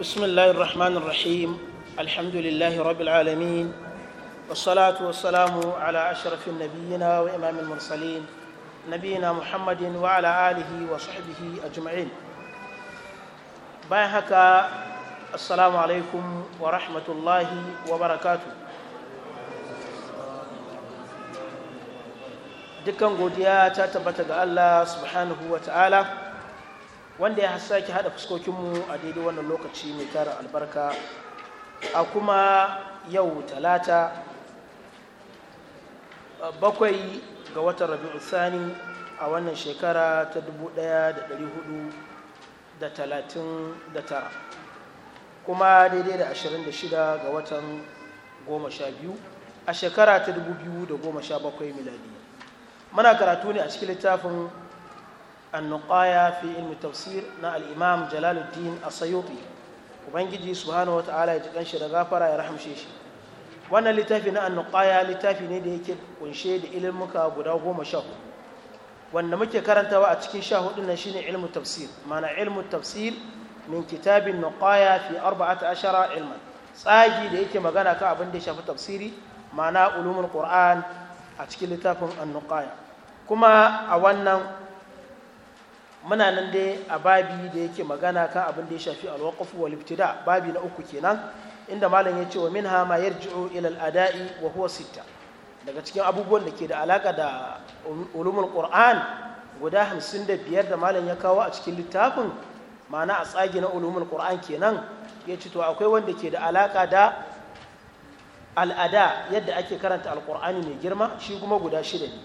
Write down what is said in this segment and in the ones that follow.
بسم الله الرحمن الرحيم الحمد لله رب العالمين والصلاة والسلام على أشرف النبيين وإمام المرسلين نبينا محمد وعلى آله وصحبه أجمعين بايهك السلام عليكم ورحمة الله وبركاته dukkan godiya ta tabbata ga Allah subhanahu wa ta'ala wanda ya sake haɗa fuskokinmu a daidai wannan lokaci mai tara albarka a kuma yau talata bakwai ga watan rabi'u sani a wannan shekara ta 1439 kuma daidai da 26 ga watan 12 a shekara ta 2017 miladi muna karatu ne a cikin littafin النقايا في علم التفسير نا الإمام جلال الدين السيوطي وبنجي سبحانه وتعالى ya rahamshe shi يرحم شيشي وانا لتافي نا النقايا لتافي ني ديك ونشي دي علمك غدا 10 wanda muke karantawa a cikin sha hudu nan shine ilmu tafsir maana ilmu tafsir min kitabin nuqaya fi arba'ata ashara ilman tsagi da yake magana kan abin da ya shafi tafsiri maana ulumul qur'an a cikin littafin nuqaya kuma a wannan muna nan dai a babi da yake magana kan abin da ya shafi alwaqaf wal ibtida babi na uku kenan inda malam ya ce wa minha ma yarji'u ila al ada'i wa huwa sitta daga cikin abubuwan da ke da alaka da ulumul qur'an guda 55 da biyar da malam ya kawo a cikin littafin ma'ana a tsagi na ulumul qur'an kenan ya to akwai wanda ke da alaka da al'ada yadda ake karanta Alƙur'ani mai girma shi kuma guda shida ne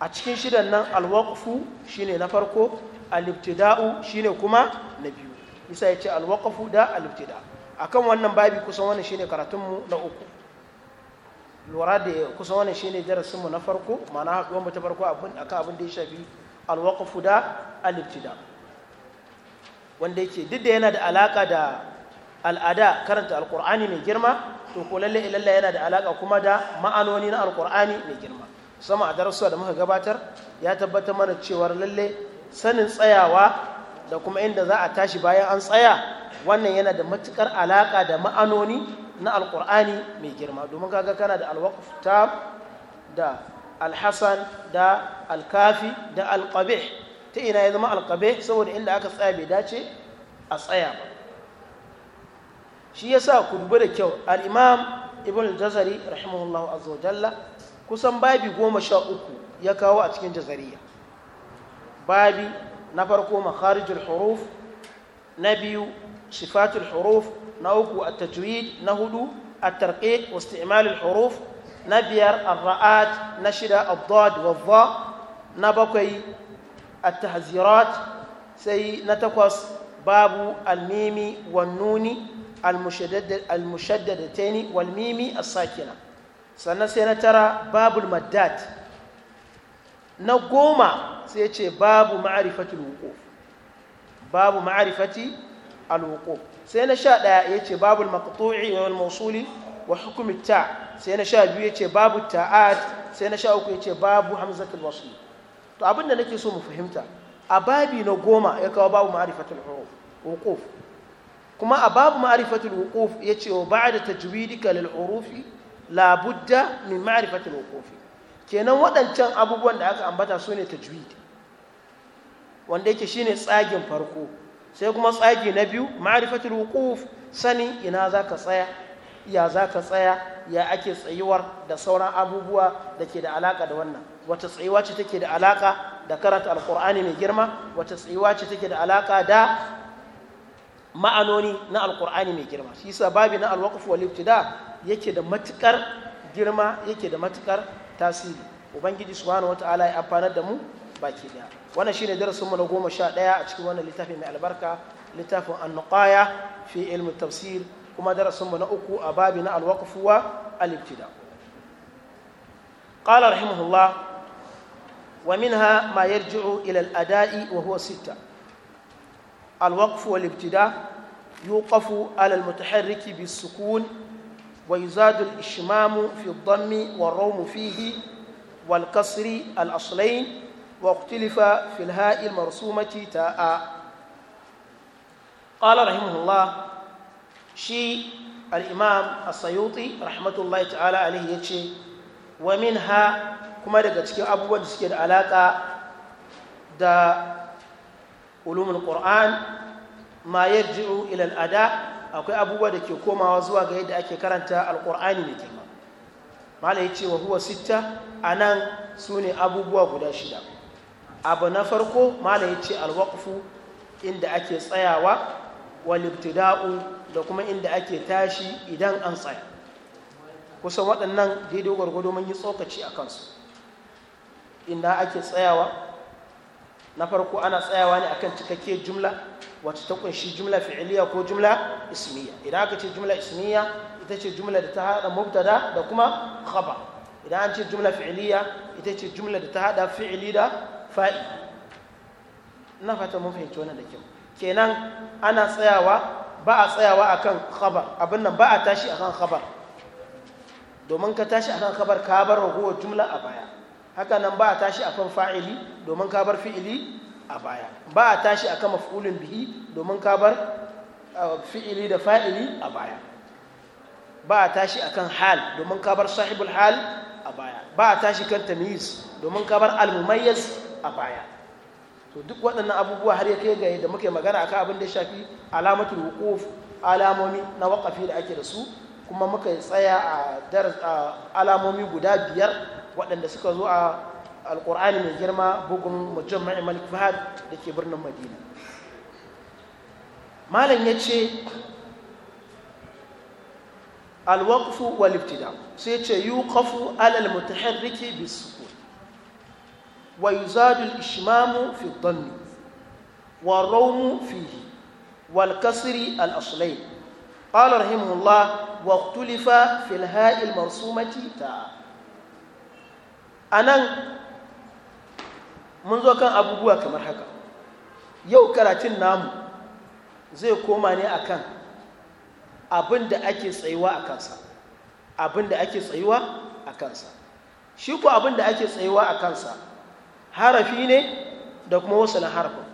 a cikin shidan nan alwaqfu shine na farko al-ibtida'u shine kuma na biyu isa ya ce al-waqfu da al-ibtida akan wannan babi kusan wannan shine karatun mu na uku lura da kusan wannan shine darasin mu na farko ma'ana haɗuwar mu ta farko abin akan abin da ya shafi al-waqfu da al-ibtida wanda yake duk da yana da alaka da al'ada karanta al al-qur'ani mai girma to ko lalle ilalla yana da alaka kuma da ma'anoni na al al-qur'ani mai girma sama a darasuwa da muka gabatar ya tabbatar mana cewar lalle sanin tsayawa da kuma inda za a tashi bayan an tsaya wannan yana da matukar alaka da ma'anoni na alkur'ani mai girma domin kaga kana da alwakufta da alhassan da alkafi da alkabe ta ina ya zama alkabe saboda inda aka tsaya bai dace a tsaya ba shi ya sa ku duba da kyau al-imam ibn jazari rahimahullahu azawajalla kusan babi goma sha uku ya kawo a cikin jazariya babi na farko makharijul huruf na biyu sifatul huruf na uku at-tajwid na hudu at-tarqiq wa isti'mal huruf na biyar ar-ra'at na shida ad-dad wa dha na bakwai at-tahzirat sai na takwas babu al-mimi nuni al-mushaddadataini wal mimi as-sakina sannan sai na tara babul maddat na goma sai ce babu ma'arifati wuquf babu ma'arifati al-wuquf sai na sha ɗaya ya ce babu al-maqtu'i wa al wa hukm ta sai na sha biyu ya ce babu ta'at sai na sha uku ya ce babu hamzatul wasu to abin da nake so mu fahimta a babi na goma ya kawo babu ma'arifatul huruf kuma a babu ma'arifatul wuquf ya ce wa ba'da tajwidika lil hurufi la budda min ma'arifatul wuqufi kenan waɗancan abubuwan da aka ambata su ne tajwid wanda yake shine tsagin farko sai kuma tsagi na biyu ma'rifatul wuquf sani ina zaka tsaya ya zaka tsaya ya ake tsayuwar da sauran abubuwa da ke da alaka da wannan wata tsayuwa ce take da alaka da karanta alkur'ani mai girma wata tsayuwa ce take da alaka da ma'anoni na alkur'ani mai girma shi sababi na alwaqf wal ibtida yake da matukar girma yake da matukar tasiri ubangiji subhanahu wataala ya amfanar da mu baki daya wannan shine darasinmu na goma sha ɗaya a cikin wannan littafi mai albarka littafin annuqaya fi ilmi tafsir kuma darasinmu na uku a babi na alwaqfuwa al-ibtida qala rahimahullah wa minha ma yarji'u ila al-ada'i wa huwa sitta al-waqfu wal-ibtida yuqafu ala al-mutaharriki bis-sukun ويزاد الإشمام في الضم والروم فيه والكسر الأصلين واختلف في الهاء المرسومة تاء قال رحمه الله شي الإمام السيوطي رحمة الله تعالى عليه يتشي ومنها كما دقتك أبوة دسكين علاقة دا علوم القرآن ما يرجع إلى الأداء akwai abubuwa da ke komawa zuwa ga yadda ake karanta alkur'ani mai girma malam ya ce wa huwa sitta a nan su ne abubuwa guda shida abu na farko malam ya ce alwakufu inda ake tsayawa walibtida'u da kuma inda ake tashi idan an tsaya kusan waɗannan daidai gwargwado mun yi tsokaci a kansu inda ake tsayawa na farko ana tsayawa ne akan cikakke jumla wacce ta kunshi jumla fi'iliya ko jumla ismiya idan aka ce jumla ismiya ita ce jumla da ta hada mubtada da kuma khabar idan an ce jumla fi'iliya ita ce jumla da ta hada fi'ili da fa'i ina fata mun fahimci wannan da kyau kenan ana tsayawa ba a tsayawa akan khabar abin nan ba a tashi akan khabar domin ka tashi akan khabar ka bar ragowar jumla a baya haka nan ba a tashi akan fa'ili domin ka bar fi'ili a baya ba a tashi a akan mafulin bihi domin ka fi'ili da fa'ili a baya ba a tashi kan hal domin ka sahibul hal a baya ba a tashi kan tamis domin kabar bar a baya to duk waɗannan abubuwa har ya kai ga yadda muke magana akan abin da ya shafi alamatul wuquf alamomi na waƙafi da ake da su kuma muka tsaya a alamomi guda biyar waɗanda suka zo a alkur'ani mai girma bugun mutum mai malik fahad da ke birnin madina malam ya ce alwaqfu wal sai ce yuqafu alal mutaharriki bis sukun wa yuzadu al ishmamu fi dhanni wa rawmu wal kasri al aslayn qala wa ikhtulifa fil ha'i al nan. mun zo kan abubuwa kamar haka yau karatun namu zai koma ne akan abin da ake tsayuwa a kansa abin da ake tsayuwa a kansa shi ko abin da ake tsayuwa a kansa harafi ne da kuma wasu na harafin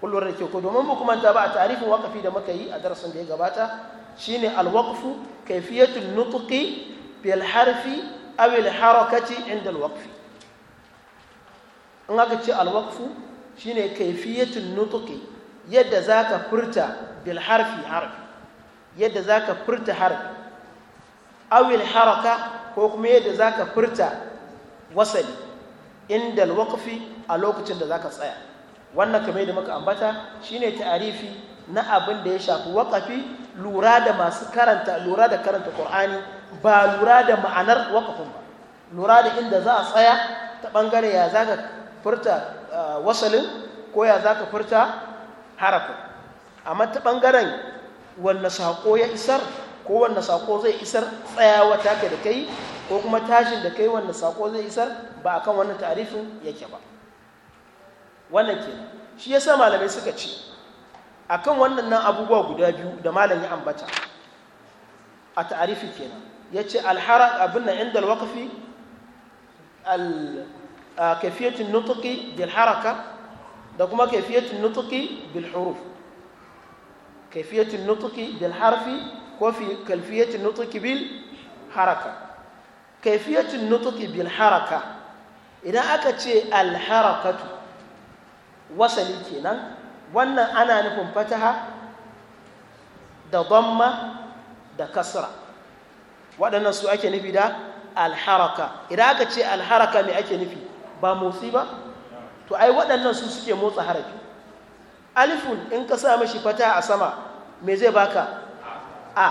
kullum da ke ko domin mu kuma ba a tarifin waƙafi da muka yi a darasin da ya gabata shine alwaqfu kaifiyatun nutqi bil harfi awil al harakati inda alwaqfi in aka ce alwaqfu shine kaifiyatun nutuki yadda zaka furta bil harfi harfi yadda zaka furta harfi awil haraka ko kuma yadda zaka furta wasali inda alwakfi a lokacin da zaka tsaya wannan kamar da muka ambata shine ta'arifi na abin da ya shafi waqafi lura da masu karanta lura da karanta qur'ani ba lura da ma'anar waqafin ba lura da inda za a tsaya ta bangare ya zaka furta uh, wasalin ko ya za ka furta harafin amma ta ɓangaren wanne saƙo ya isar ko wanne saƙo zai isar tsayawa take da kai ko kuma tashin da kai wanne saƙo zai isar ba akan wannan tarifin yake ba wannan kenan shi ya sa malamai suka ce kan wannan nan abubuwa guda biyu da malam ya ambata a ta'arifi kenan ya ce alhara abin na inda alwakafi kaifiyatin nutuki bil haraka da kuma kaifiyatin nutuki bil huruf kaifiyatin nutuki bil harfi ko fi kaifiyatin nutuki bil haraka kaifiyatin nutuki bil haraka idan aka ce al harakatu kenan wannan ana nufin fataha da dhamma da kasra waɗannan su ake nufi da alharaka idan aka ce alharaka mai ake nufi ba motsi ba to ai waɗannan su suke motsa harafi alifun in ka sa shi fata a sama me zai baka a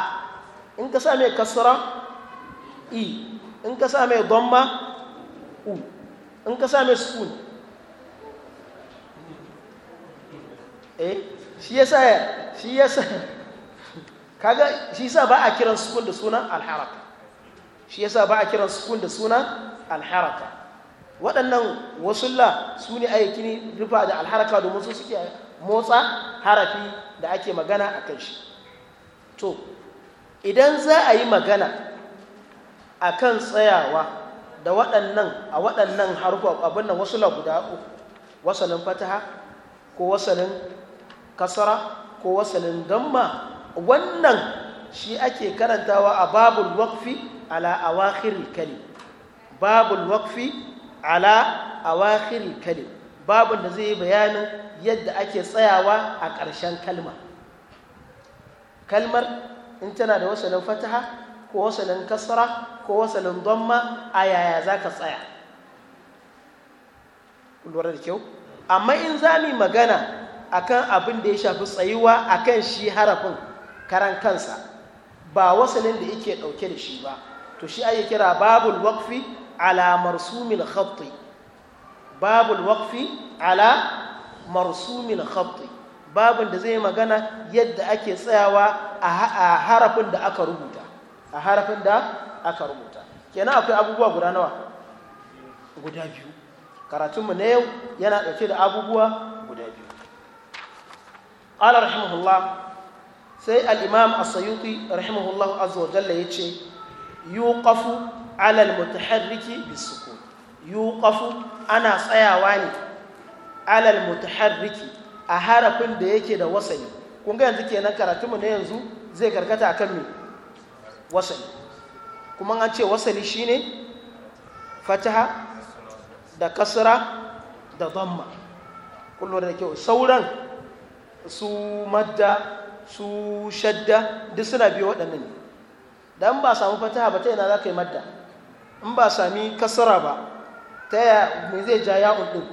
in ka sa mai kasra i e. in ka sa mai gomma u in ka sa mai sukun eh shi ya yasa shi ya yasa kaga shi sa ba a kiran sukun da suna alharaka shi ya sa ba a kiran sukun da suna alharaka waɗannan wasulla su ne aiki rufa da alharaka domin su suke motsa harafi da ake magana a kan shi to idan za a yi magana a kan tsayawa da waɗannan a waɗannan harfa abin wasulla guda uku wasalin fataha ko wasalin kasara ko wasalin damma wannan shi ake karantawa a babul wakfi ala awakhir kalim babul wakfi ala awakhir kalim babun da zai yi bayanin yadda ake tsayawa a ƙarshen kalma kalmar in tana da wasalin fataha ko wasalin kasra ko wasalin dhamma a yaya za ka tsaya lura da kyau amma in za mu magana akan abin da ya shafi tsayuwa akan shi harafin karan kansa ba wasalin da yake dauke da shi ba to shi ake kira babul waqfi على مرسوم الخط babul waqfi على مرسوم الخط babin da zai magana yadda ake tsayawa a harafin da aka rubuta a harafin da aka rubuta kenan akwai abubuwa guda nawa guda biyu karatunmu na yau yana ɗauke da abubuwa guda biyu ala rahimahullah sai al'imam asayuti rahimahullah azawajalla ya ce yi ƙafu alal mutaharriki bisukun yuqafu ana tsayawa ne alal mutaharriki a harafin da yake da wasani kun ga yanzu kenan mu na yanzu zai karkata akan me wasani kuma an ce wasani shine fataha da kasra da dhamma kullu da kyau sauran su madda su shadda duk suna biyo waɗannan ne dan ba samu fataha ba ta yana za ka yi madda in ba sami kasara ba ta yaya mai zai ja ya'un din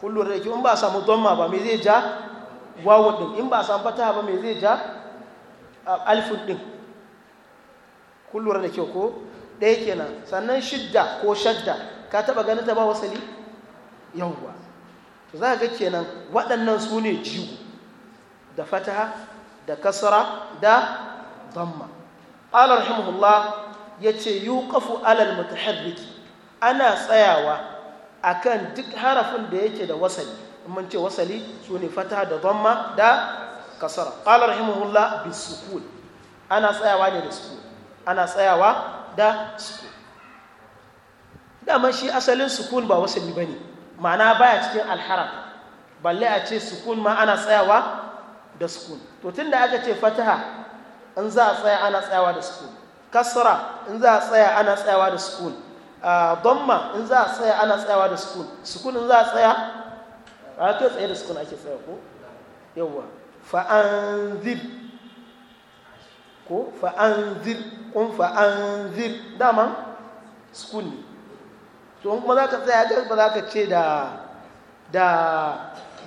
kullum da ke in ba samu donma ba mai zai ja wawon ɗin? in ba samu fataha ba mai zai ja alfin ɗin? kullum da ke ko ɗaya kenan sannan shidda ko shadda ka taɓa ganin ta ba wasali yawwa to za ga kenan waɗannan su ne jiwu da fataha da kasara da damma ƙalar rahimahullah ya ce yuqafu alal mutaharriki ana tsayawa akan duk harafin da yake da wasali mun ce wasali su ne fata da zama da kasara qala rahimahullah sukul ana tsayawa ne da sukun ana tsayawa da sukun dama shi asalin sukun ba wasali ba ne ma'ana baya cikin alharaf balle a ce sukun ma ana tsayawa da sukun to tun da aka ce fataha in za a tsaya ana tsayawa da sukun kasra in za a tsaya ana tsayawa da sukun dhamma in za a tsaya ana tsayawa da sukun sukun in za a tsaya a ka tsaye da sukun ake tsaya ko yawwa fa'anzir ko fa'anzir, kun fa'anzir, dama sukun ne to in kuma za ka tsaya ga ba za ka ce da da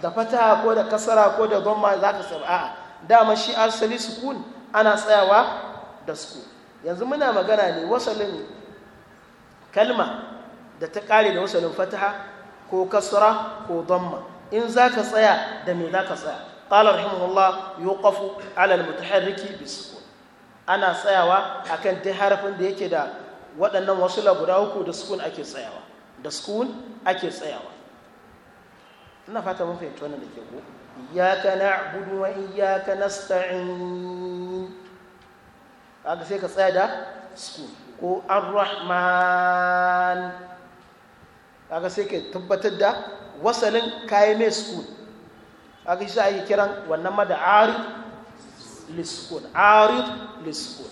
da fata ko da kasara ko da dhamma za ka tsaya a'a dama shi asali sukun ana tsayawa da sukun yanzu muna magana ne wasalin kalma da ta kare da wasalin fataha ko kasura ko damma in za ka tsaya da me za ka tsaya qala rahimahullah yuqafu ala almutaharriki bisiko ana tsayawa a kan ta harafin da yake da waɗannan wasu guda uku da sukun ake tsayawa da sukun ake tsayawa ina fata mun fahimci wannan da ke ko iyyaka na'budu wa iyyaka nasta'in kaga sai ka tsaya da school ko ar-rahman kaga sai ka tabbatar da wasalin kayi mai school kaga shi ake kiran wannan ma da arid liskun arid liskun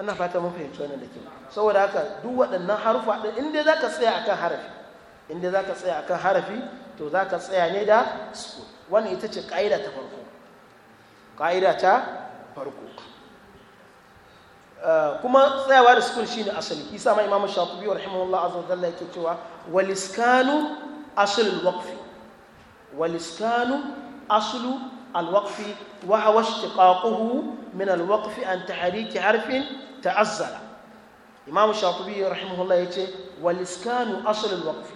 ana fata mun fahimci wannan da ke saboda haka duk waɗannan harufa ɗin inda za ka tsaya akan harafi inda za ka tsaya akan harafi to za ka tsaya ne da school wani ita ce ƙa'ida ta farko ƙa'ida ta farko Eh, kuma tsayawa da sukun shine asali isa ma imamu shafi'i wa rahimahullah azza wa jalla yake cewa waliskanu aslul waqfi waliskanu aslu الوقف وهو اشتقاقه من الوقف عن تحريك حرف تعزل إمام الشاطبي رحمه الله يتي والإسكان أصل الوقف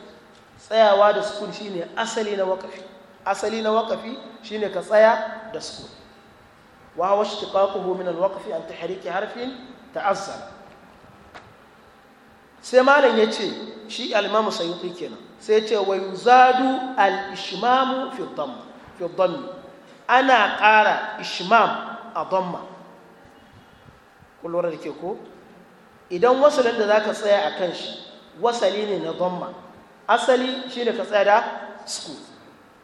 tsayawa da sukun shine asali na waqafi asali na waqafi shine ka tsaya da sukun wa huwa ishtiqaquhu min al-waqfi an tahriki harfin ta'assara sai malam ya ce shi alimamu sayuti kenan sai ce wa yuzadu al-ishmamu fi ana ƙara ishmam a dhamma kullum da ke ko idan wasalin da zaka tsaya a kan shi wasali ne na dhamma asali shi ne ka tsaya da sukun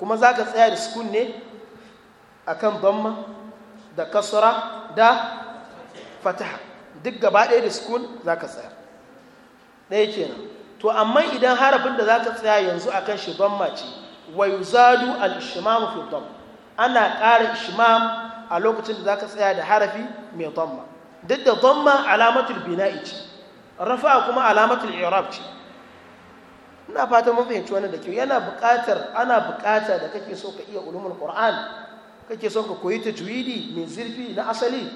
kuma zaka tsaya da sukun ne akan dhamma da kasra da fataha duk gaba ɗaya da sukun za ka tsayar ɗaya kenan to amma idan harafin da za ka tsaya yanzu a kan shi ban mace wa zadu al shimamu fi dam ana ƙara shimam a lokacin da za ka tsaya da harafi mai damma duk da damma alamatul bina'i ce rafa kuma alamatul i'rab ce ina fatan mun fahimci wannan da kyau yana buƙatar ana buƙata da kake so ka iya ulumul qur'an kake so ka koyi tajwidi mai zurfi na asali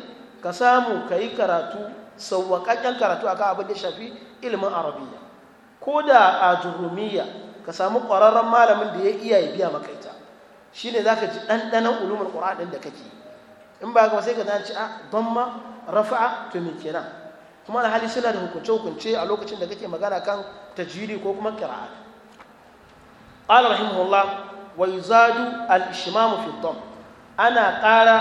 ka samu ka yi karatu sauwaƙaƙƙen karatu akan abin da shafi ilimin arabiya ko da a jurumiya ka samu ƙwararren malamin da ya iya ya biya maka ita shi ne za ka ji ɗanɗanon ulumar ƙura'adin da kake in ba ka sai ka zanci a don ma rafa'a to me kenan kuma alhali suna da hukunce-hukunce a lokacin da kake magana kan tajiri ko kuma ƙira'a قال رحمه الله ويزاد الإشمام في ana ƙara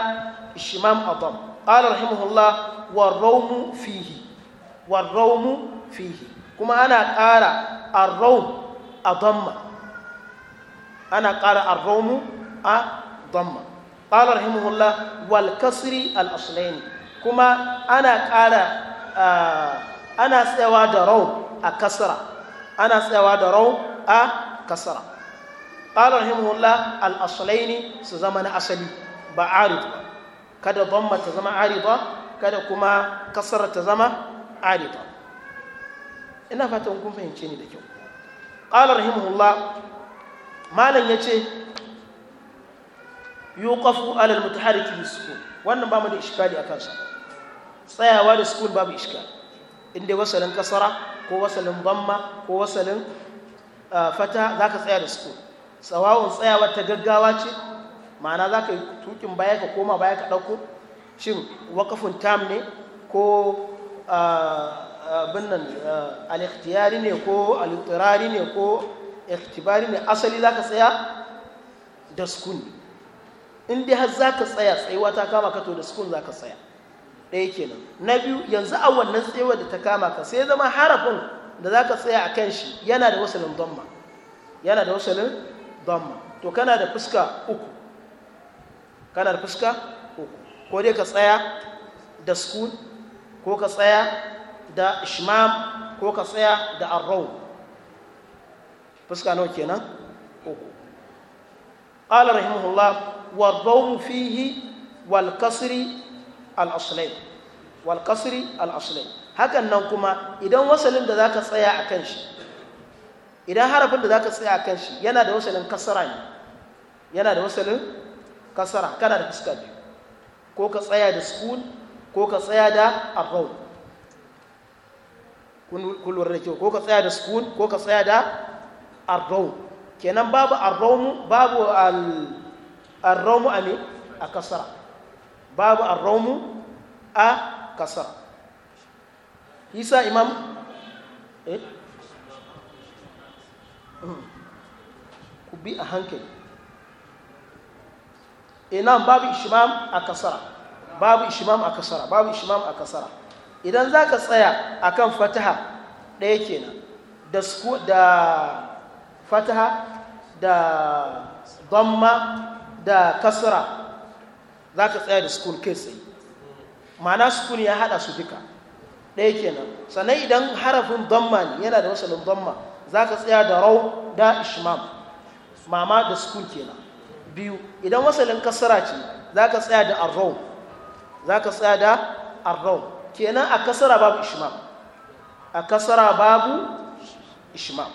قال a الضم qala rahimahullah warrawmu fihi warrawmu fihi kuma ana ƙara arrawm a damma ana ƙara arrawmu a damma qala rahimahullah wal kasri al aslaini kuma ana ƙara da raw a kasra ana tsayawa da raw a kasra qala su zama na asali ba ba kada dhamma ta zama arida kada kuma kasara ta zama arida ina fatan kun fahimce ni da kyau qala rahimahullah malam yace yuqafu ala almutaharrik bisukun wannan ba mu da iskali akan sa tsayawa da sukun babu iskali inda wasalin kasara ko wasalin dhamma ko wasalin ah, fata zaka tsaya da sukun tsawawun tsayawa ta gaggawa ce ma'ana za ka yi tukin baya ka koma baya ka ɗauko shin wakafin tam ne ko ah, ah, abin nan ah, ne ko al'ikhtirari ne ko ikhtibari ne asali za ka tsaya da sukun in dai har za ka tsaya tsayuwa ta kama ka to da sukun za ka tsaya ɗaya kenan na biyu yanzu a wannan tsayuwa da ta kama ka sai zama harafin da za ka tsaya a kan shi yana da wasalin damma yana da wasalin to kana da fuska uku kana da fuska uku ko dai ka tsaya da sukun ko ka tsaya da ishmam ko ka tsaya da arraw fuska nawa kenan uku qala rahimahullah wa dawm fihi wal kasri al aslay wal kasri al aslay hakan nan kuma idan wasalin da zaka tsaya akan shi idan harafin da zaka tsaya akan shi yana da wasalin kasra ne yana da wasalin kasara kana da fuska biyu ko ka tsaya da sukun ko ka tsaya da arrow kun lura da kyau ko ka tsaya da sukun ko ka tsaya da arrow kenan babu arraumu babu arraumu a ne a kasara babu arraumu a kasara isa imam eh hmm. ku bi a hankali inan babu ishimam a kasara babu ishimam a kasara babu ishimam a kasara idan za ka tsaya a kan fataha ɗaya kenan da da fataha da dhamma da kasara za ka tsaya da sukun kai tsaye ma'ana sukun ya haɗa su duka ɗaya kenan sannan idan harafin dhamma ne yana da wasu dhamma za ka tsaya da rau da ishimam mama da sukun kenan biyu idan wasalin kasara ce za ka tsaya da arraun za ka tsaya da arraun kenan a kasara babu ishima. a kasara babu ishima,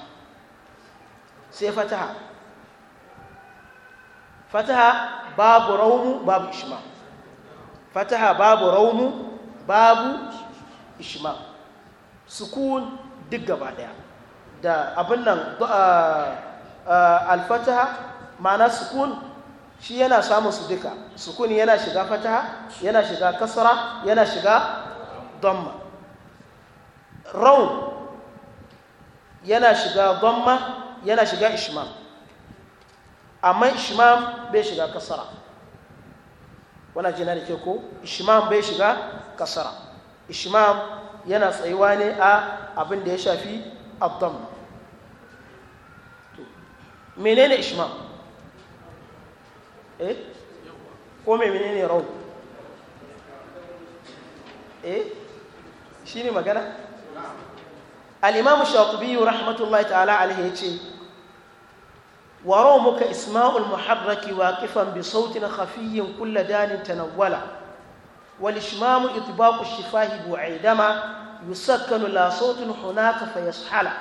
sai fataha fataha babu raunu babu ishima. fataha babu raunu babu ishima. sukun duk gaba daya da abin nan ah, ah, alfataha ma'ana sukun shi yana samun su duka sukun yana shiga fataha yana shiga kasara yana shiga damma raun yana shiga damma yana shiga ishmam amma ishmam bai shiga kasara wannan jina da ke ko ishmam bai shiga kasara ishmam yana tsayuwa ne a abin da ya shafi abdam menene ishmam eh ko me menene rawu eh shine magana al-imam shatibi rahmatullahi ta'ala alayhi yace wa rawmuka isma'ul muharraki waqifan bi sautin khafiyyin kullu danin tanawwala wal ishmam itbaqu shifahi bu'aidama yusakkanu la sautin hunaka fayashala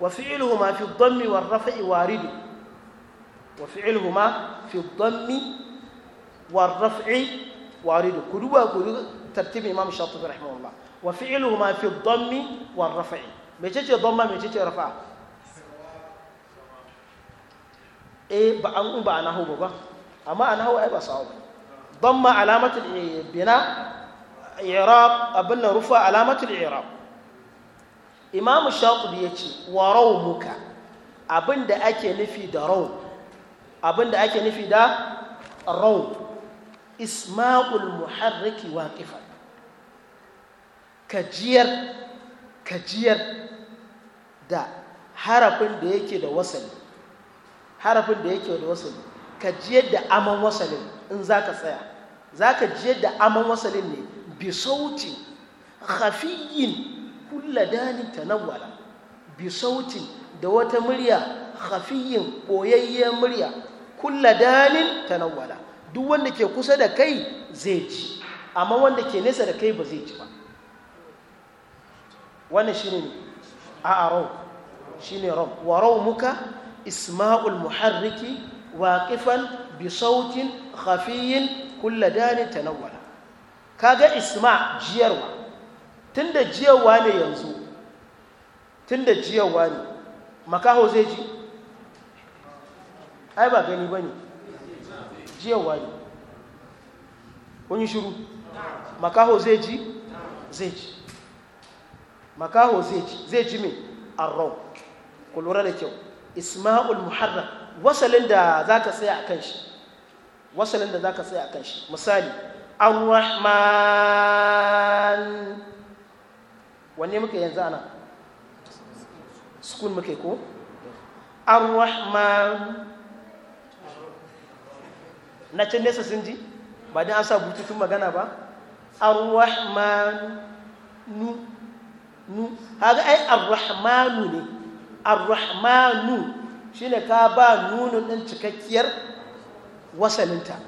wa fi'luhuma mafi ad-dhammi war waridu وفعلهما في الضم والرفع وارد كدوا كدوا ترتيب إمام الشاطبي رحمه الله وفعلهما في الضم والرفع متى ضم متى رفع eh ba an ba ana hau ba amma ana hau ba sawo damma alamatul bina i'rab abin nan rufa alamatul i'rab imam yace wa abin da ake nufi da rau abin da ake nufi da raw isma'ul muharriki waƙifan kajiyar kajiyar da harafin da yake da wasali harafin da yake da wasali kajiyar da aman wasalin in za ka tsaya za ka jiyar da aman wasalin ne bi sautin hafiyin kulla danin tanawwala bi sautin da wata murya Khafiyin koyayye murya kulla danin tanawala duk wanda ke kusa da kai zai ji amma wanda ke nesa da kai ba zai ji ba wannan shine a arau shine rom wa muka isma'ul muharriki waqifan bi sautin khafiyin kulla danin tanawala kaga isma jiyarwa tunda jiyarwa ne yanzu tunda jiyarwa ne makaho zai ji ai ba gani ba ne wa ne kun yi shuru makaho zai ji zai ji makaho zai ji zai ji mai arau ku lura da kyau isma'ul muharram wasalin da za ka tsaya a kan shi wasalin da za ka tsaya a kan shi misali An rahman wanne muka yanzu ana sukun muke ko An rahman na can nesa sun ji ba dan an sa bututun magana ba arrahmanu nu haga ai arrahmanu ne arrahmanu shine ka ba nunun din cikakkiyar wasalinta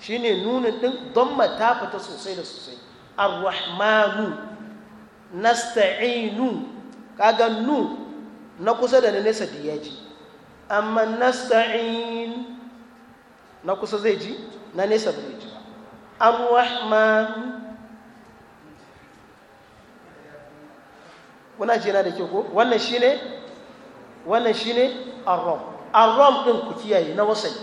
shine nunun din don ta fita sosai da sosai arrahmanu nasta'inu kaga nu na kusa da na nesa diyaji amma nasta'in na kusa zai ji na nesa zai ji ba kuna ji da kyau ko wannan ne wannan shi ne arom arom ɗin ku kiyaye na wasali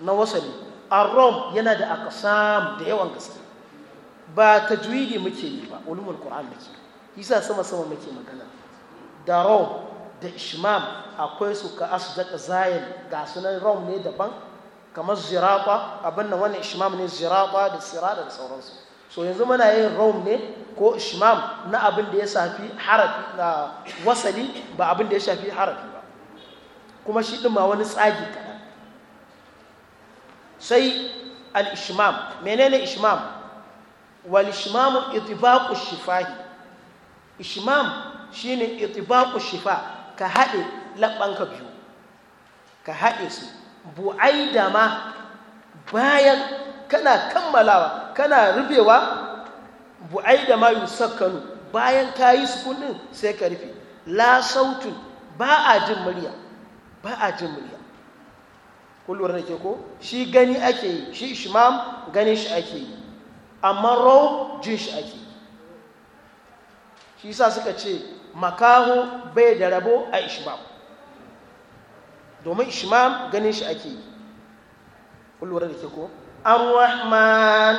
na wasali arom yana da aqsam da yawan gaske ba tajwidi muke yi ba ulumul qur'an muke yasa sama sama muke magana da rom da ishmam akwai su ka asdaq zayin ga sunan rom ne daban kamar zirata abin da wannan ishmam ne zirata da sirada da sauransu so yanzu muna yin raum ne ko ishmam na abin da ya shafi harafi na wasali ba abin da ya shafi harafi ba kuma shi ɗin ma wani tsagi kaɗan sai al-ishmam menene ishmam wal ishmam itibaqu shifahi ishmam shine itibaqu shifa ka haɗe labbanka biyu ka haɗe su da ma bayan kana kammalawa kana rufewa da ma yusakkanu bayan ka yi su sai ka rufe la sautu ba a jin murya ba a jin murya kullum da ke ko shi gani ake yi shi shimam gani shi ake yi amma rau jin shi ake yi shi sa suka ce makaho bai da rabo a ishmam domin ishmam ganin shi ake yi kullura da ke ko ar-rahman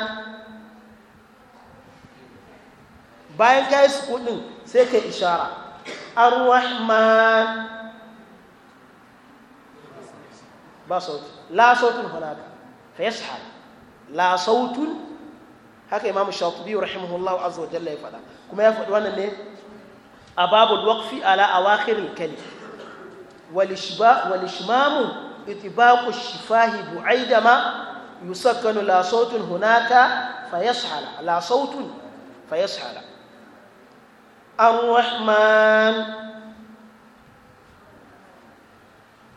bayan ka yi sukudin sai ka ishara ar-rahman ba sauti la sautin hunaka fa yashhal la sautun haka imamu shatubi rahimahullahu azza wa jalla ya faɗa kuma ya faɗi wannan ne a babu waqfi ala a al-kalim والإشمام إطباق الشفاه بعيدما يسكن لا صوت هناك فيسحل لا صوت فيسحل الرحمن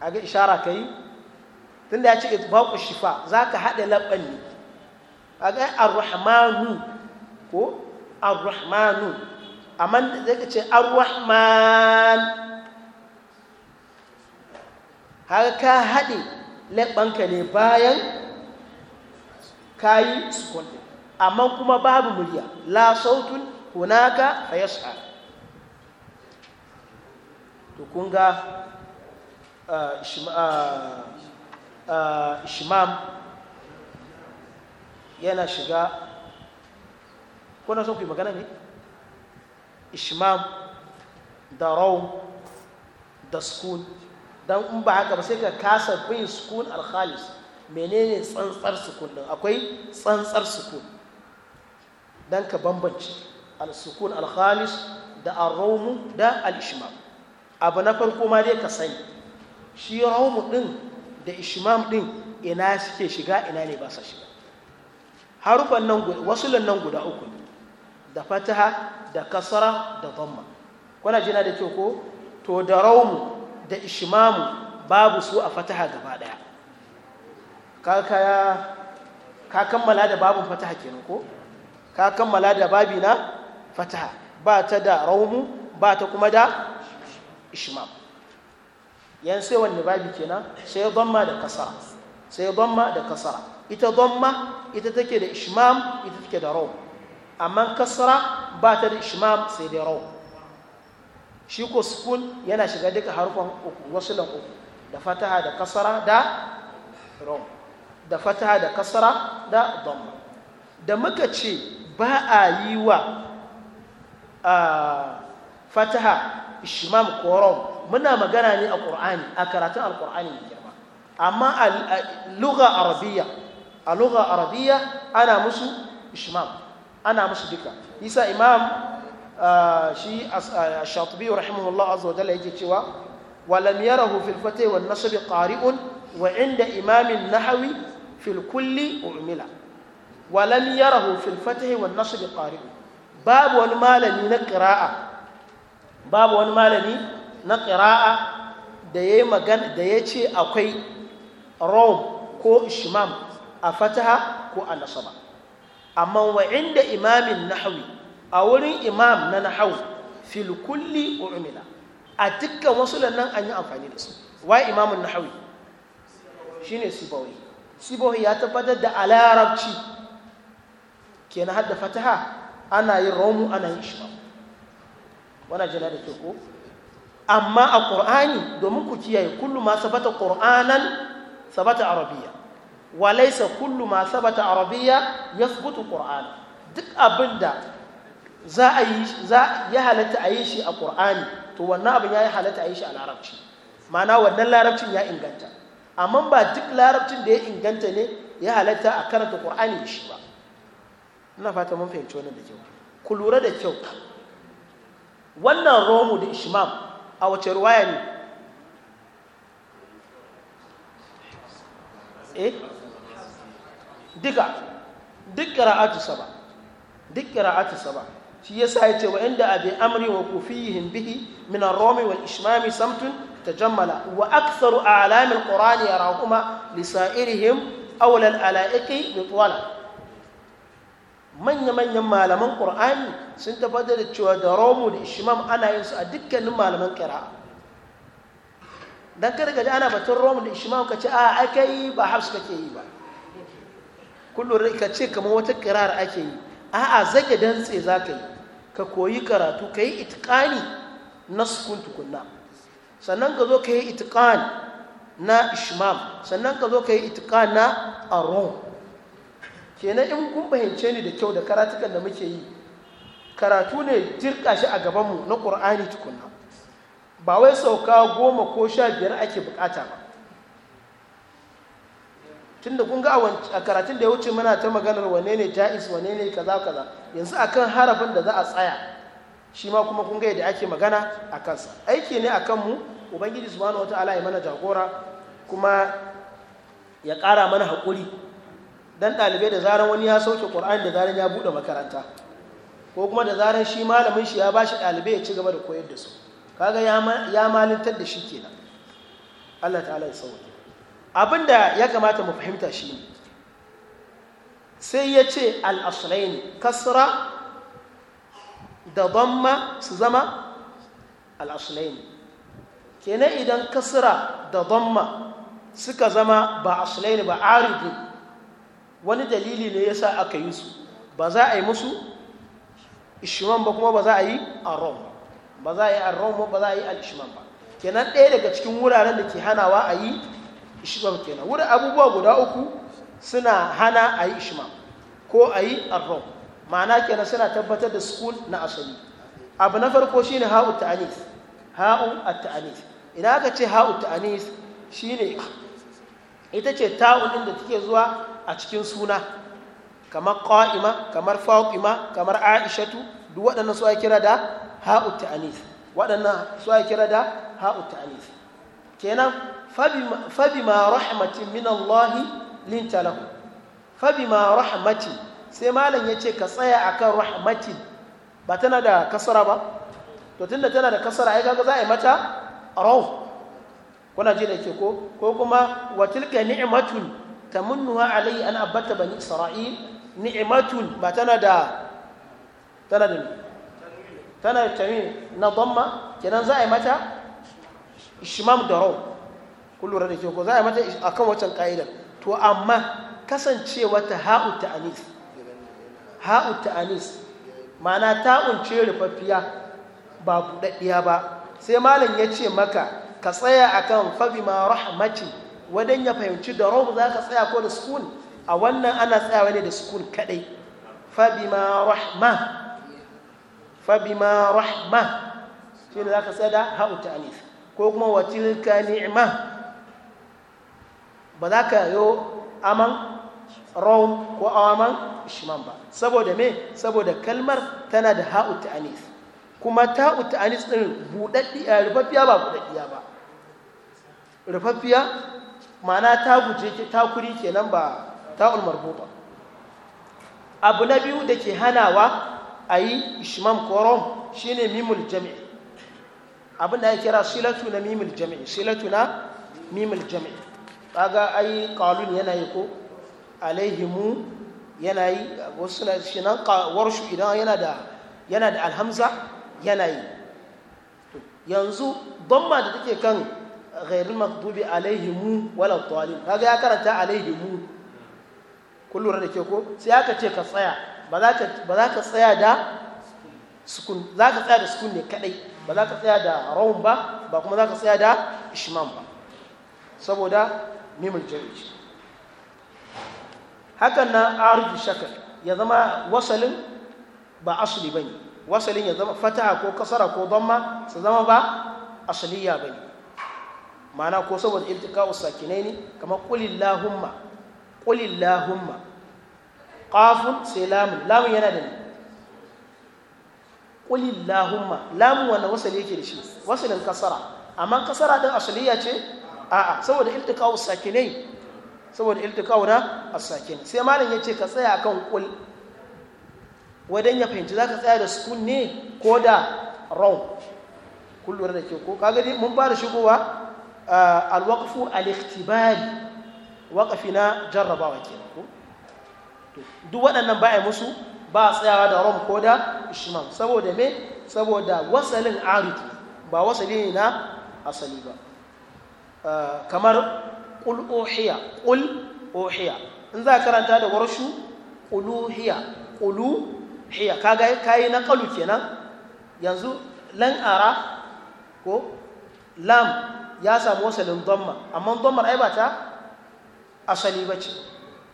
أجل إشارة كي تندى إطباق الشفاه ذاك هذا لبني أجل الرحمن ko arrahmanu amma zai ka ce arrahman har ka haɗe leɓanka ne bayan kayi yi amma kuma babu murya la sautun hunaka ya sha to kun ga shimam yana shiga kuna son ku magana ne ishmam da raun da sukun dan in ba haka ba sai ka kasa bin sukun alkhalis menene tsantsar sukun din akwai tsantsar sukun Don ka bambance al-sukun al da ar da al abu na farko ma dai ka sani shi rawm din da ishmam din ina suke shiga ina ne ba sa shiga harufan nan guda wasu nan guda uku ne da fataha da kasara da dhamma kuna jina da kyau ko to da raumu da ishimamu babu su a fataha gaba daya ka kammala da babin fataha kenan ko ka kammala da babi na fataha ba ta da raumu ba ta kuma da ishimamu. yan sai wanne babi kenan sai dhamma da kasara sai dhamma da kasara ita dhamma ita take da ishimamu, ita take da raum amma kasara ba ta da ishimamu sai da raum shi ko sukun yana shiga duka harfan uku wasulan uku da fataha da kasara da rom da fataha da kasara da dhamma da muka ce ba a yi wa fataha ko rom muna magana ne a ƙur'ani a karatun alƙur'ani mai girma amma a lugha arabiya a lugha arabiya ana musu ishmam ana musu duka isa imam shi shatibi rahimahullah azza wa yake cewa walam yarahu fil fatay wan nasb qari'un wa inda imamin nahawi fil kulli umila walam yarahu fil fatay wan nasb qari'un babu wani malami na qira'a babu wani malami na qira'a da yayi magana da yace akwai rom ko ishmam a fataha ko a nasaba amma wa inda imamin nahawi a wurin imam na nahau fil kulli umila a dukkan wasu nan an yi amfani da su wai imamun nahawi shine sibawi sibawi ya tabbatar da alarabci kenan hadda fataha ana yin romu ana yin shi wannan jana da ke ko amma a ƙur'ani domin ku kiyaye kullu ma sabata ƙur'anan sabata arabiya walaisa kullu ma sabata arabiya ya sabutu duk abinda. za a yi za ya halatta a yi shi a ƙur'ani to wannan abin ya yi halatta a yi shi a larabci ma'ana wannan larabcin ya inganta amma ba duk larabcin da ya inganta ne ya halatta a karanta ƙur'ani da shi ba ina fata mun fahimci wannan da kyau ku lura da kyau wannan romu da ishmam a wace ruwaya ne eh duka duk ƙira'atu saba duk ƙira'atu saba shi yasa ya ce wa inda abin amri wa kufiyin bihi min ar-rami wal ishmami samtun tajammala wa aktharu a'lam al-qur'ani yarahuma li sa'irihim aw lil ala'iqi mitwala manya manyan malaman qur'ani sun tabbatar da cewa da romu da ishmam ana yin su a dukkanin malaman kira. dan kada ka ji ana batun romu da ishmam ka ce a akai ba hafs kake yi ba kullum ka ce kamar wata kirar ake yi a'a zage dantse za ka yi ka koyi karatu ka yi itikani na sukun tukunna sannan ka zo ka yi itikani na ishmam sannan ka zo ka yi itikani na aron kenan in kun fahimce ni da kyau da karatukan da muke yi karatu ne jirka shi a gabanmu na ƙur'ani tukunna ba wai sauka goma ko sha biyar ake bukata ba tunda kun ga a karatun da ya wuce muna ta maganar wane ne ja'is wane ne kaza kaza yanzu akan harafin da za a tsaya shi ma kuma kun ga yadda ake magana a kansa aiki ne a kanmu ubangiji subhanahu wataala ya mana jagora kuma ya ƙara mana haƙuri dan ɗalibai da zaran wani ya sauke ƙur'ani da zaran ya buɗe makaranta ko kuma da zaran shi malamin shi ya ba shi ɗalibai ya ci gaba da koyar da su kaga ya malintar da shi kenan Allah ta'ala ya sauke abin da ya kamata mu fahimta shi ne sai ya ce al’asirai kasra da damma su zama al'asulaini kenan idan kasra da damma suka zama ba asirai ba aridu wani dalili ne ya sa aka yi su ba za a yi musu ishiman ba kuma ba za a yi aron ba za a yi aron ba za a yi al'ishiman ba kenan ɗaya daga cikin wuraren da ke hanawa a yi ishimam kenan wurin abubuwa guda uku suna hana a yi ishimam ko a yi arrom ma'ana kenan suna tabbatar da sukun na asali abu na farko shine ha'u ta'anis ha'u taanis idan aka ce ha'u ta'anis shine ita ce ta'un inda da take zuwa a cikin suna kamar qa'ima kamar faqima kamar aishatu duk waɗannan su kira da ha'u ta'anis waɗannan su kira da ha'u ta'anis kenan fabima rahmatin min Allah linta lahu fabima rahmatin sai malam ya ce ka tsaya akan rahmatin ba tana da kasara ba to tunda tana da kasara ai kaga za a yi mata rauf kuna ji da ke ko ko kuma wa tilka ni'matun tamunnuha alayhi an abata bani isra'il ni'matun ba tana da tana da tana da tamin na dhamma kenan za a yi mata ishmam da raw kun lura da ke ko za a mata a kan wancan ka'idar to amma kasance wata ha'u ta'anis ha'u ta'anis ma'ana ta'un ce rufaffiya ba buɗaɗɗiya ba sai malam ya ce maka ka tsaya akan fabi ma rahmaci wadan ya fahimci da rahu za ka tsaya ko da sukun a wannan ana tsayawa ne da sukun kadai fabi ma rahma fabi ma rahma shi ne za ka tsaya da ha'u ta'anis ko kuma ka ni'ma ba za ka yi aman raun ko aman ishman ba saboda me saboda kalmar tana da ha'u ta'anis kuma ta'u ta'anis din budaddiya eh, rufaffiya ba budaddiya ba rufaffiya ma'ana ta guje ta kuri kenan ba ta'ul ba. abu na biyu da ke hanawa a yi ishmam ko rom shine mimul jami'i abin da ya kira silatu na mimul jami'i silatu na mimul jami'i kaga ai qalun yana yi ko alaihimu yana yi wasu na shi nan warshu idan yana da yana da alhamza yana yi yanzu damma da take kan ghairul maghdubi alaihimu wala dhalin kaga ya karanta alaihimu kun lura da ke ko sai aka ce ka tsaya ba za ka tsaya da sukun za ka tsaya da sukun ne kadai ba za ka tsaya da raun ba ba kuma za ka tsaya da ishman ba saboda mimin jam'i hakan na arju shakar ya zama wasalin ba asali bane wasalin ya zama fata ko kasara ko donma su zama ba asaliya bane ma'ana ko saboda iltiqa'u sakinai ne kamar kulin qulillahumma qafun sai lamun lamun yana da ne qulillahumma lamun wanda wasali yake da shi wasalin kasara amma kasara din asaliya ce a'a saboda iltiqa'u sakinai saboda iltiqa'u na as-sakin sai malam yace ka tsaya akan kul wadan ya fahimci zaka tsaya da sukun ne ko da raw kun da ke ko kaga dai mun fara shigowa eh, al-waqfu al-ikhtibari waqfi na jarrabawa kenan ko to duk waɗannan ba a musu ba a tsayawa da rom ko da ishmam saboda me saboda wasalin aritu ba wasali ne na asali ba kamar ƙul ohiya ƙul in za a karanta da warshu ƙuluhiya ƙuluhiya ka yi na ƙalu kenan yanzu lan ara ko lam ya samu wasalin domma amma dommar ai ba ta asali ba ce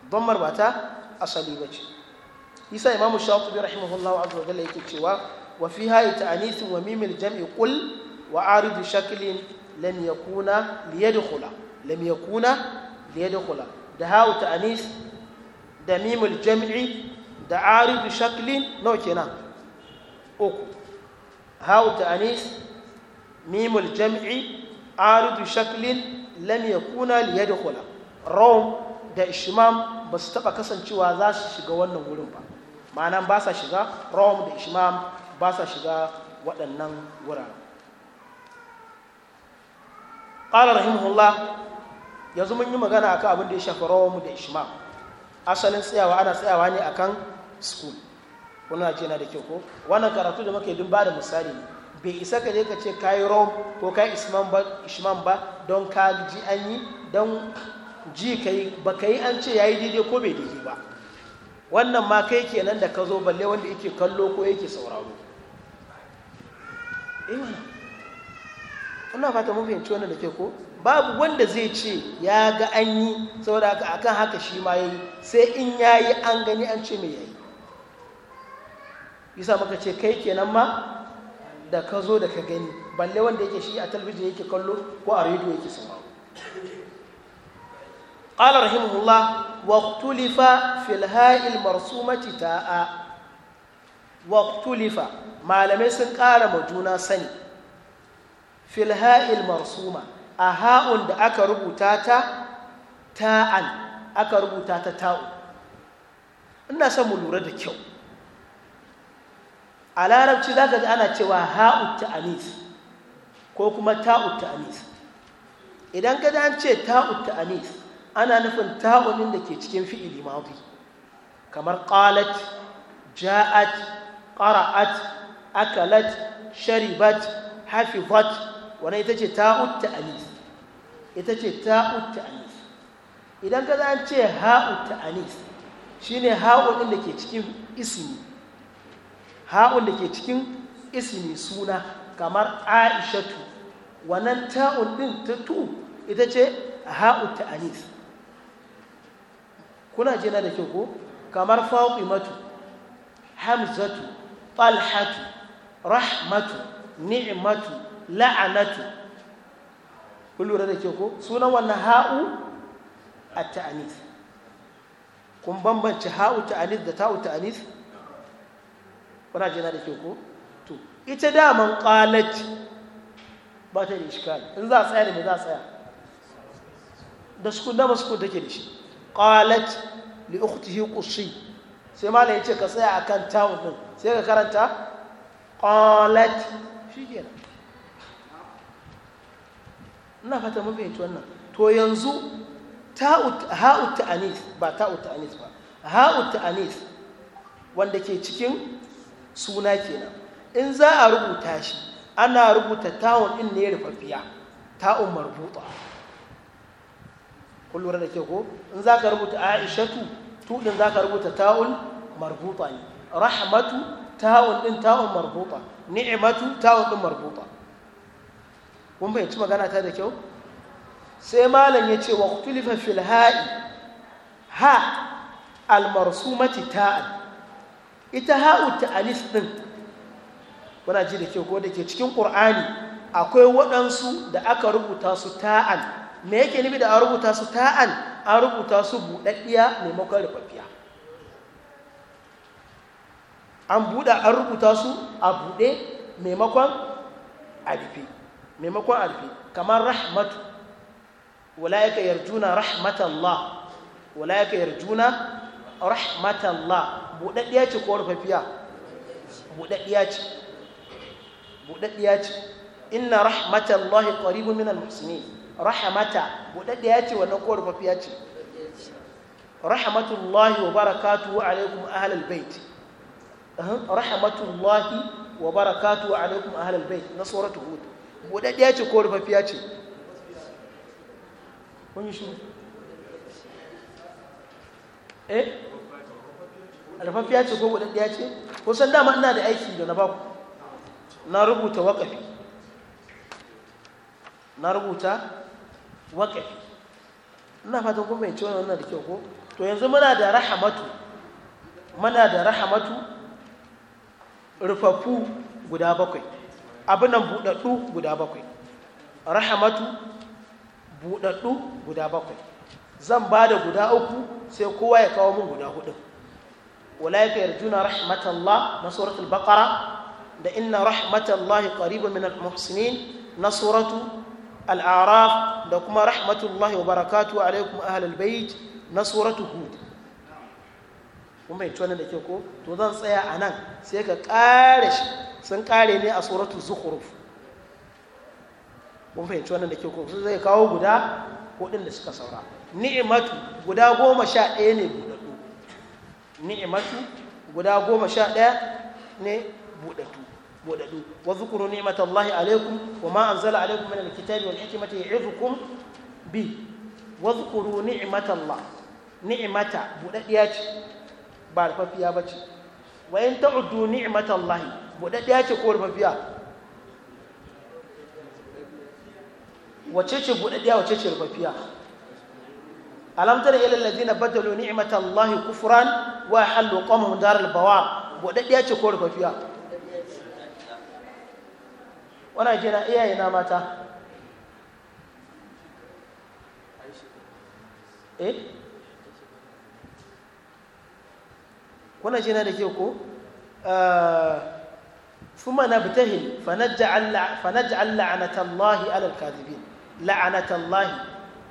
dommar ba ta asali ba ce isa imamu shafi rahimahullahu wa jalla yake cewa wa fi hayi ta'anithin wa mimil jam'i qul wa aridu shaklin lam yakuna liyadkhula lam yakuna liyadkhula da hau ta'anis da mimul jam'i da aridu shaklin nawa kenan uku hau mimul jam'i aridu shaklin lam yakuna liyadkhula rom da ishmam ba su taba kasancewa za su shiga wannan wurin ba ma'ana ba sa shiga rom da ishmam ba sa shiga waɗannan wuraren. qala rahimahullah yanzu mun yi magana akan abin da ya shafi mu da ishma asalin tsayawa ana tsayawa ne akan school kuna ce da kyau ko wannan karatu da muke dun ba da misali ne bai isa ka je ka ce kayi rom ko kayi ishman ba don ka ji an yi don ji ka yi ba ka yi an ce ya yi daidai ko bai daidai ba wannan ma kai kenan da ka zo balle wanda yake kallo ko yake sauraro eh kuna fata mun fahimci wannan da ke ko babu wanda zai ce ya ga an yi saboda haka akan haka shi ma yayi sai in yayi an gani an ce me yayi yasa muka ce kai kenan ma da ka zo da ka gani balle wanda yake shi a talbijin yake kallo ko a rediyo yake sama قال رحمه الله واختلف في الهاء المرسومة تاء واختلف ما لم يسن قال مجونا سني Filhail marsuma a ha'un da aka rubuta ta ta'an aka rubuta ta ta'u ina son mu lura da kyau a larabci za ka ana cewa ha'u ta'anis ko kuma ta'u ta'anis idan ka ji an ce ta'u ta'anis ana nufin ta'unin da ke cikin fi'ili mafi kamar ƙalat, ja'at qara'at akalat sharibat hafizat wannan ita ce ta'ut ta'anis ita ce ta'ut ta'anis idan ka zan ce ha'ut ta'anis shine ha'u din da ke cikin ismi ha'un da ke cikin ismi suna kamar aishatu wannan ta'un din ta tu ita ce ha'ut ta'anis kuna jina da kyau ko kamar fatimatu hamzatu talhatu rahmatu ni'matu la'anatu kun da ke ko sunan wannan ha'u a ta'anis kun bambanci ha'u ta'anis da ta'u ta'anif kuna jina da ke ko to ita daman qalat ba ta da iskal in za a tsaya ne me za a tsaya da su da su take da shi qalat li ukhtihi qussi sai mala yace ka tsaya akan tawun din sai ka karanta qalat shikenan ina fata mun fahimci wannan to yanzu ha'ut ta'anis ba ta'ut ta'anis ba ha'ut ta'anis wanda ke cikin suna kenan in za a rubuta shi ana rubuta ta'un din ne rufaffiya ta'un marbuta kun lura da ke ko in za ka rubuta aishatu tudin za ka rubuta ta'un marbuta ne rahmatu ta'un din ta'un marbuta ni'matu ta'un din marbuta kun bayyanci magana ta da kyau sai malam ya ce wa kutulifa fil ha'i ha almarsumati ta'al ita ha'u ta'alif din kuna ji da kyau ko da ke cikin qur'ani akwai waɗansu da aka rubuta su ta'al me yake nufi da an rubuta su ta'al an rubuta su buɗaɗɗiya maimakon rufaffiya an buɗa an rubuta su a buɗe maimakon a maimakon a rufe kamar rahmatu wala'ika yarjuna rahmatallah wala'ika yarjuna rahmatallah buɗaɗɗiya ce ko rufafiya buɗaɗɗiya ce buɗaɗɗiya ce inna rahmatallahi qaribu min almuhsinin rahmata buɗaɗɗiya ce wannan ko rufafiya ce rahmatullahi wa wa alaikum ahlal bait rahmatullahi wa wa alaikum ahlal bait na suratu hud buɗaɗɗiya ce ko rufaffiya ce kun shi eh rufaffiya ce ko buɗaɗɗiya ce kusan dama ina da aiki da na ba ku na rubuta waƙafi na rubuta waƙafi ina fatan kuma mai ciwon wannan da kyau ko to yanzu muna da rahamatu muna da rahamatu rufaffu guda bakwai abinan buɗaɗɗu guda bakwai rahamatu buɗaɗɗu guda bakwai zan ba da guda uku sai kowa ya kawo min guda hudu ulaika yarjuna rahmatallah na suratul baqara da inna rahmatallah qaribun min al na suratu al'araf da kuma rahmatullah wa barakatu alaikum ahlul bait na suratu hud kuma bai tona da ke ko to zan tsaya anan sai ka kare shi sun kare ne a suratu zukhruf kun fahimci wannan da ke kun su zai kawo guda hudun da suka saura ni'imatu guda goma sha ɗaya ne buɗaɗɗu ni'imatu guda goma sha ɗaya ne buɗaɗɗu buɗaɗɗu wa zukuru Allah alaikum wa ma zala alaikum min alkitabi wal hikmati ya'idukum bi wa zukuru Allah ni'imata buɗaɗɗiya ce ba rufafiya ba ce wa in ni'imata Allah buɗaɗɗiya ce ko rufaffiya wace ce buɗaɗɗiya wace ce rufaffiya alamtar ilal ladina badalu ni'matallahi kufuran wa halu qawmun daral bawar buɗaɗɗiya ce ko rufaffiya wannan jina iyaye na mata eh kuna jina da ke ko ah, ثم نبتهل فنجعل فنجعل لعنة الله على الكاذبين لعنة الله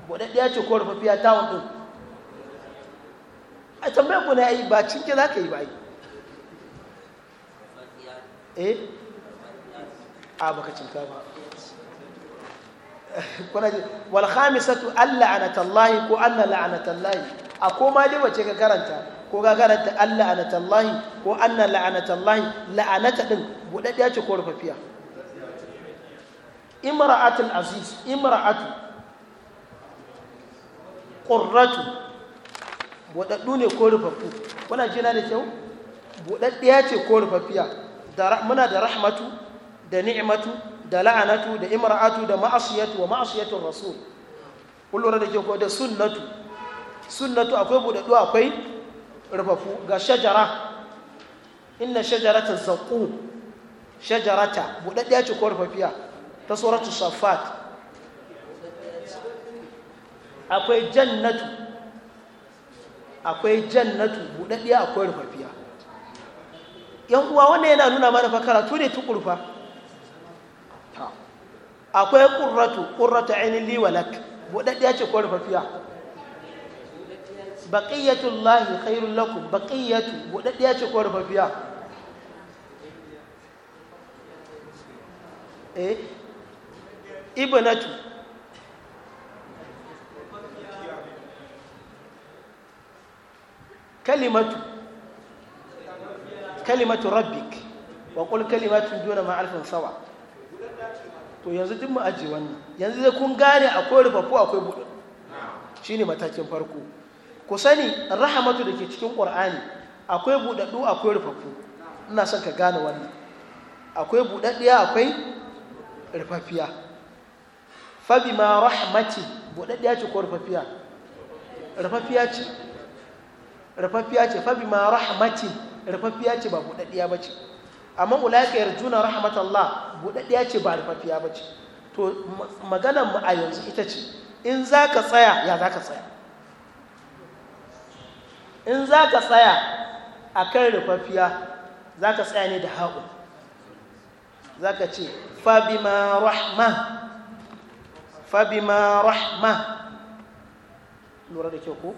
wadaddiya ce ko rufaffiya ta hudu a tambayar ku yi ba cinke za ka yi ba yi a baka cinka ba kuna ji wal ko anna la'anatallahi a koma dai ka karanta ko ka karanta Allah anatallahi ko an anna la'anatallahi la'anata din budaddiya ce ko rufaffiya imra'atul aziz imra'atu qurratu budaddu ne ko rufaffu kuna jina da kyau budaddiya ce ko rufaffiya muna da rahmatu da ni'matu da la'anatu da imra'atu da ma'asiyatu wa ma'asiyatur rasul kullu da ke ko da sunnatu sunnatu akwai buɗaɗɗu akwai rufafu ga shajara inna shajarata zaqqum shajarata budaddiya ce ko rufafiya ta suratul safat akwai jannatu akwai jannatu budaddiya akwai rufafiya yan uwa wannan yana nuna mana fa karatu ne tukurfa akwai qurratu qurratu ainihi liwalak budaddiya ce ko rufafiya khairun lakun baƙiyyatu baqiyatu ya ce ko fiya eh? ibanatu kalimatu kalimatu rabbik wa ƙul kalimatu duna ma alfin sawa to yanzu duk mu wannan yanzu zai kun gane akwai rufafu akwai shi shine matakin farko ku sani rahamatu da ke cikin ƙwar'ani akwai buɗaɗɗu akwai rufaffu ina son ka gane wannan akwai buɗaɗɗiya akwai rufaffiya fabi ma rahmati buɗaɗɗiya ce ko rufaffiya rufaffiya ce rufaffiya ce fabi ma rahamati rufaffiya ce ba buɗaɗɗiya ba ce amma ulaika yarjuna rahmatallah buɗaɗɗiya ce ba rufaffiya ba ce to maganar mu a yanzu ita ce in za ka tsaya ya za ka tsaya in za ka tsaya a kan rufaffiya za ka tsaya ne da haƙu za ka ce fabima rahma fabima rahma lura da kyau ko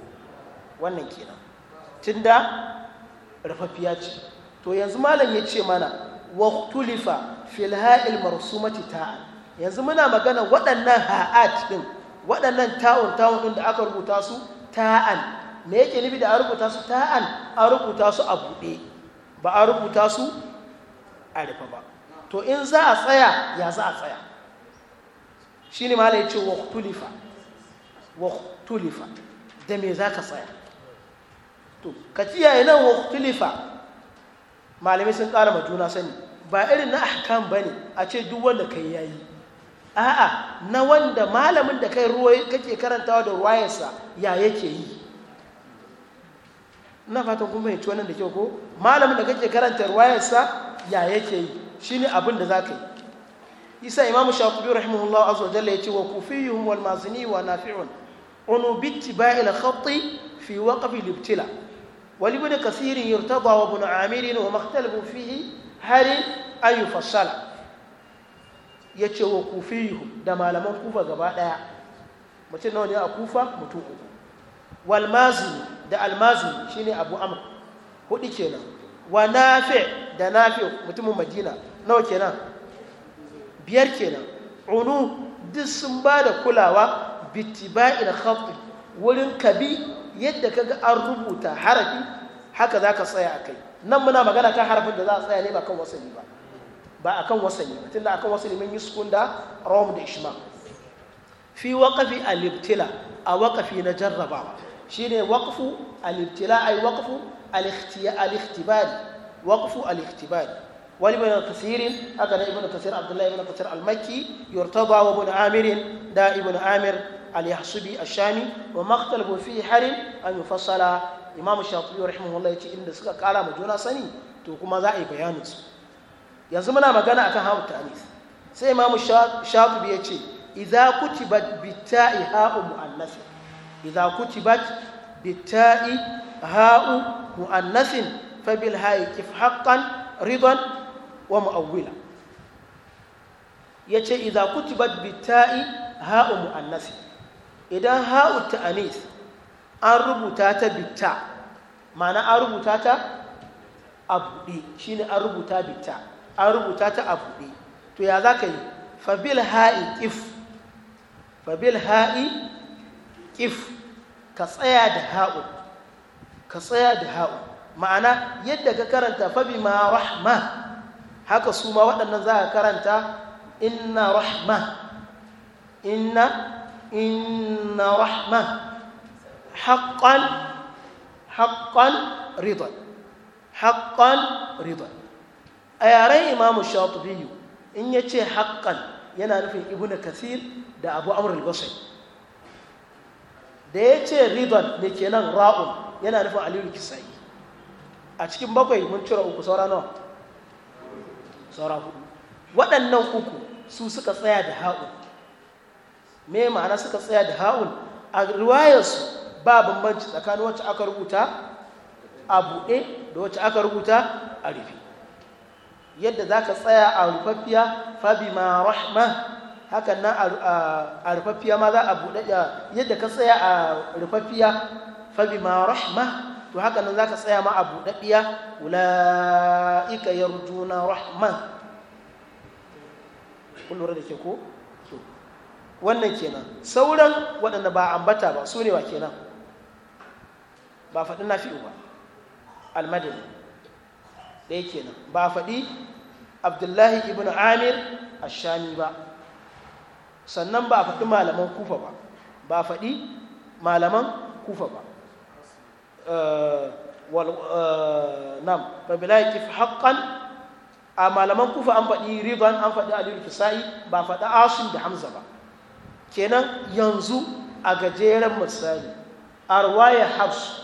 wannan kenan tun da rufaffiya ce to yanzu malam ya ce mana waktulifa filha'il mace ta'an?" yanzu muna magana waɗannan ha'ad ɗin waɗannan ta'un ta'un ɗin da aka rubuta su ta'an me yake nufi da a rubuta su ta'an an rubuta su a buɗe ba a rubuta su a rufe ba to in za a tsaya ya za a tsaya shi ne malai ce waktulifa da me za ka tsaya to ka kiyaye nan waktulifa malamai sun ƙara ma juna sani ba irin na ahkam ba ne a ce duk wanda ka yi yayi a'a na wanda malamin da kai kake karantawa da ruwayarsa ya yake yi ina fatan kun fahimci wannan da kyau ko malamin da kake karanta ruwayarsa ya yake yi shine abin da zaka yi isa imamu shafi'i rahimahullahu azza wa jalla ce wa kufiyuhum wal mazini wa nafi'un unu bittiba'i al khatti fi waqf al ibtila wa li ibn kathir yurtada wa ibn amir wa makhtalafu fihi hal an yufassala yace wa kufiyuhum da malaman kufa gaba daya mutum nawa ne a kufa mutum uku walmazu da almazu shine abu amr hudu kenan wa nafe da nafe mutumin madina nawa kenan biyar kenan unu duk sun ba da kulawa bitiba'il khatti wurin kabi yadda kaga an rubuta harafi haka ka tsaya akai nan muna magana kan harafin da za a tsaya ne ba kan wasanni ba ba akan wasanni ba a kan wasanni mun yi sukun da rom da ishma fi wakafi a ibtila a wakafi na jarrabawa shine waqfu al-ibtila ay waqfu al-ikhtibari waqfu al-ikhtibari wani mai kasirin haka na ibn kasir abdullahi ibn kasir al-makki yurtaba wa ibn amir da ibn amir al-yahsubi ash-shami wa maqtalabu fi harin an yufassala imam shafi'i rahimahullah yace inda suka kara ma juna sani to kuma za a yi bayanin su yanzu muna magana akan hawa ta'anis sai imam shafi'i yace idza kutibat bi ta'i ha'u mu'annath idza kutibat bitta'i ha'u mu'annasin fabil ha'i kif haqqan ridan wa mu'awwila yace idza kutibat bitta'i ha'u mu'annasin idan ha'u ta'anis an rubuta ta bitta ma'ana an rubuta ta a buɗe an rubuta bitta an rubuta ta a buɗe to ya za ka yi fabil ha'i if fabil ha'i if ka tsaya da ha'u ka tsaya da ha'u ma'ana yadda ka karanta fabi ma rahma haka su ma waɗannan za ka karanta inna rahma inna inna rahma haƙƙan haƙƙan ridon haƙƙan ridon a yaren imamu shatubiyu in ya ce haƙƙan yana nufin ibnu kasir da abu amur al-basri da ya ce ridon ne ke nan ra'un yana nufin aliyu kisai a cikin bakwai mun cire uku saura nawa saura hudu waɗannan uku su suka tsaya da ha'un me ma'ana suka tsaya da ha'un a riwayarsu ba bambanci tsakanin wacce aka rubuta a buɗe da wacce aka rubuta a rufe yadda za ka tsaya a rufaffiya fabi ma rahma hakan nan a rufaffiya ma za a buɗe yadda ka tsaya a rufaffiya fabi ma rahma to hakan nan za ka tsaya ma a buɗaɗɗiya wula'ika na rahman kun da ke ko wannan kenan sauran waɗanda ba ambata ba su ne wa kenan ba faɗi na fi'u ba almadani ɗaya kenan ba faɗi abdullahi ibn amir ashami ba sannan ba a faɗi malaman kufa ba ba a faɗi malaman kufa ba eh, eh, nam babila ya kifi haƙƙan a malaman kufa an faɗi riban an faɗi aliyu kisa'i ba faɗi asu da hamza ba kenan yanzu a gajeren misali a ruwayar hafsu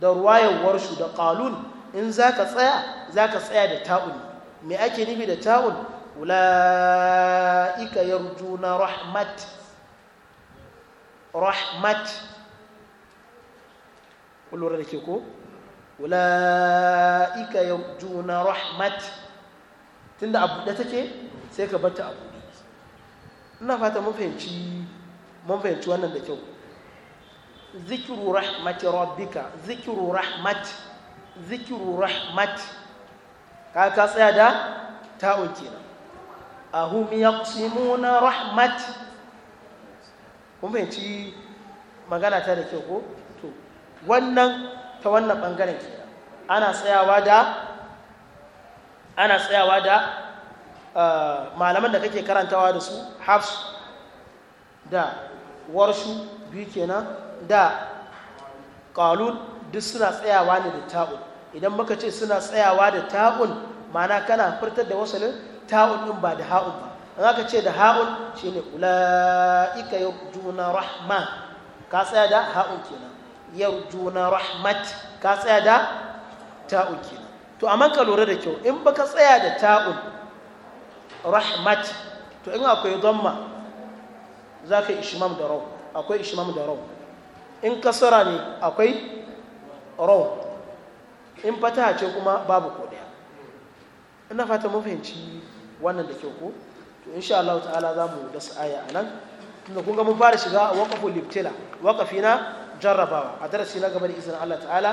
da ruwayar warshu da ƙalun in za ka tsaya za ka tsaya da ta'un me ake nufi da ta'un ula'ika yarjuna rahmat rahmat kullum da ke ko ula'ika yarjuna rahmat tunda abu da take sai ka bata abu ina fata mun fahimci mun fahimci wannan da kyau zikiru rahmat rabbika zikru rahmat zikiru rahmat ka ka tsaya da ta'un kenan ahum yaqsimuna rahmati kun ci magana ta da kyau ko to wannan ta wannan bangaren ke ana tsayawa da ana tsayawa da malaman da kake karantawa da su hafs da warshu biyu kenan da qalun duk suna tsayawa ne da ta'un idan muka ce suna tsayawa da ta'un ma'ana kana furtar da wasalin ta'un din ba da ha'un ba an aka ce da ha'un shine ulaika juna rahma ka tsaya da ha'un kenan juna rahmat ka tsaya da ta'un kenan to amma ka lura da kyau in baka tsaya da ta'un rahmat to in akwai dhamma zaka ishmam da raw akwai ishmam da raw in kasara ne akwai raw in fataha ce kuma babu ko daya ina fata mun fahimci wannan da kyau ko to insha Allah ta'ala za mu dasa aya a nan tunda kun ga mun fara shiga waqaful libtila waqafi na jarrabawa a darasi na gaba da izinin Allah ta'ala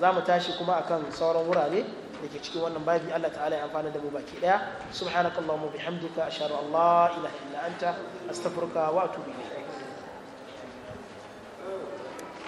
za mu tashi kuma akan sauran wurare da ke cikin wannan babi Allah ta'ala ya amfana da mu baki daya subhanakallahumma bihamdika ashhadu an la ilaha illa anta astaghfiruka wa atubu ilayk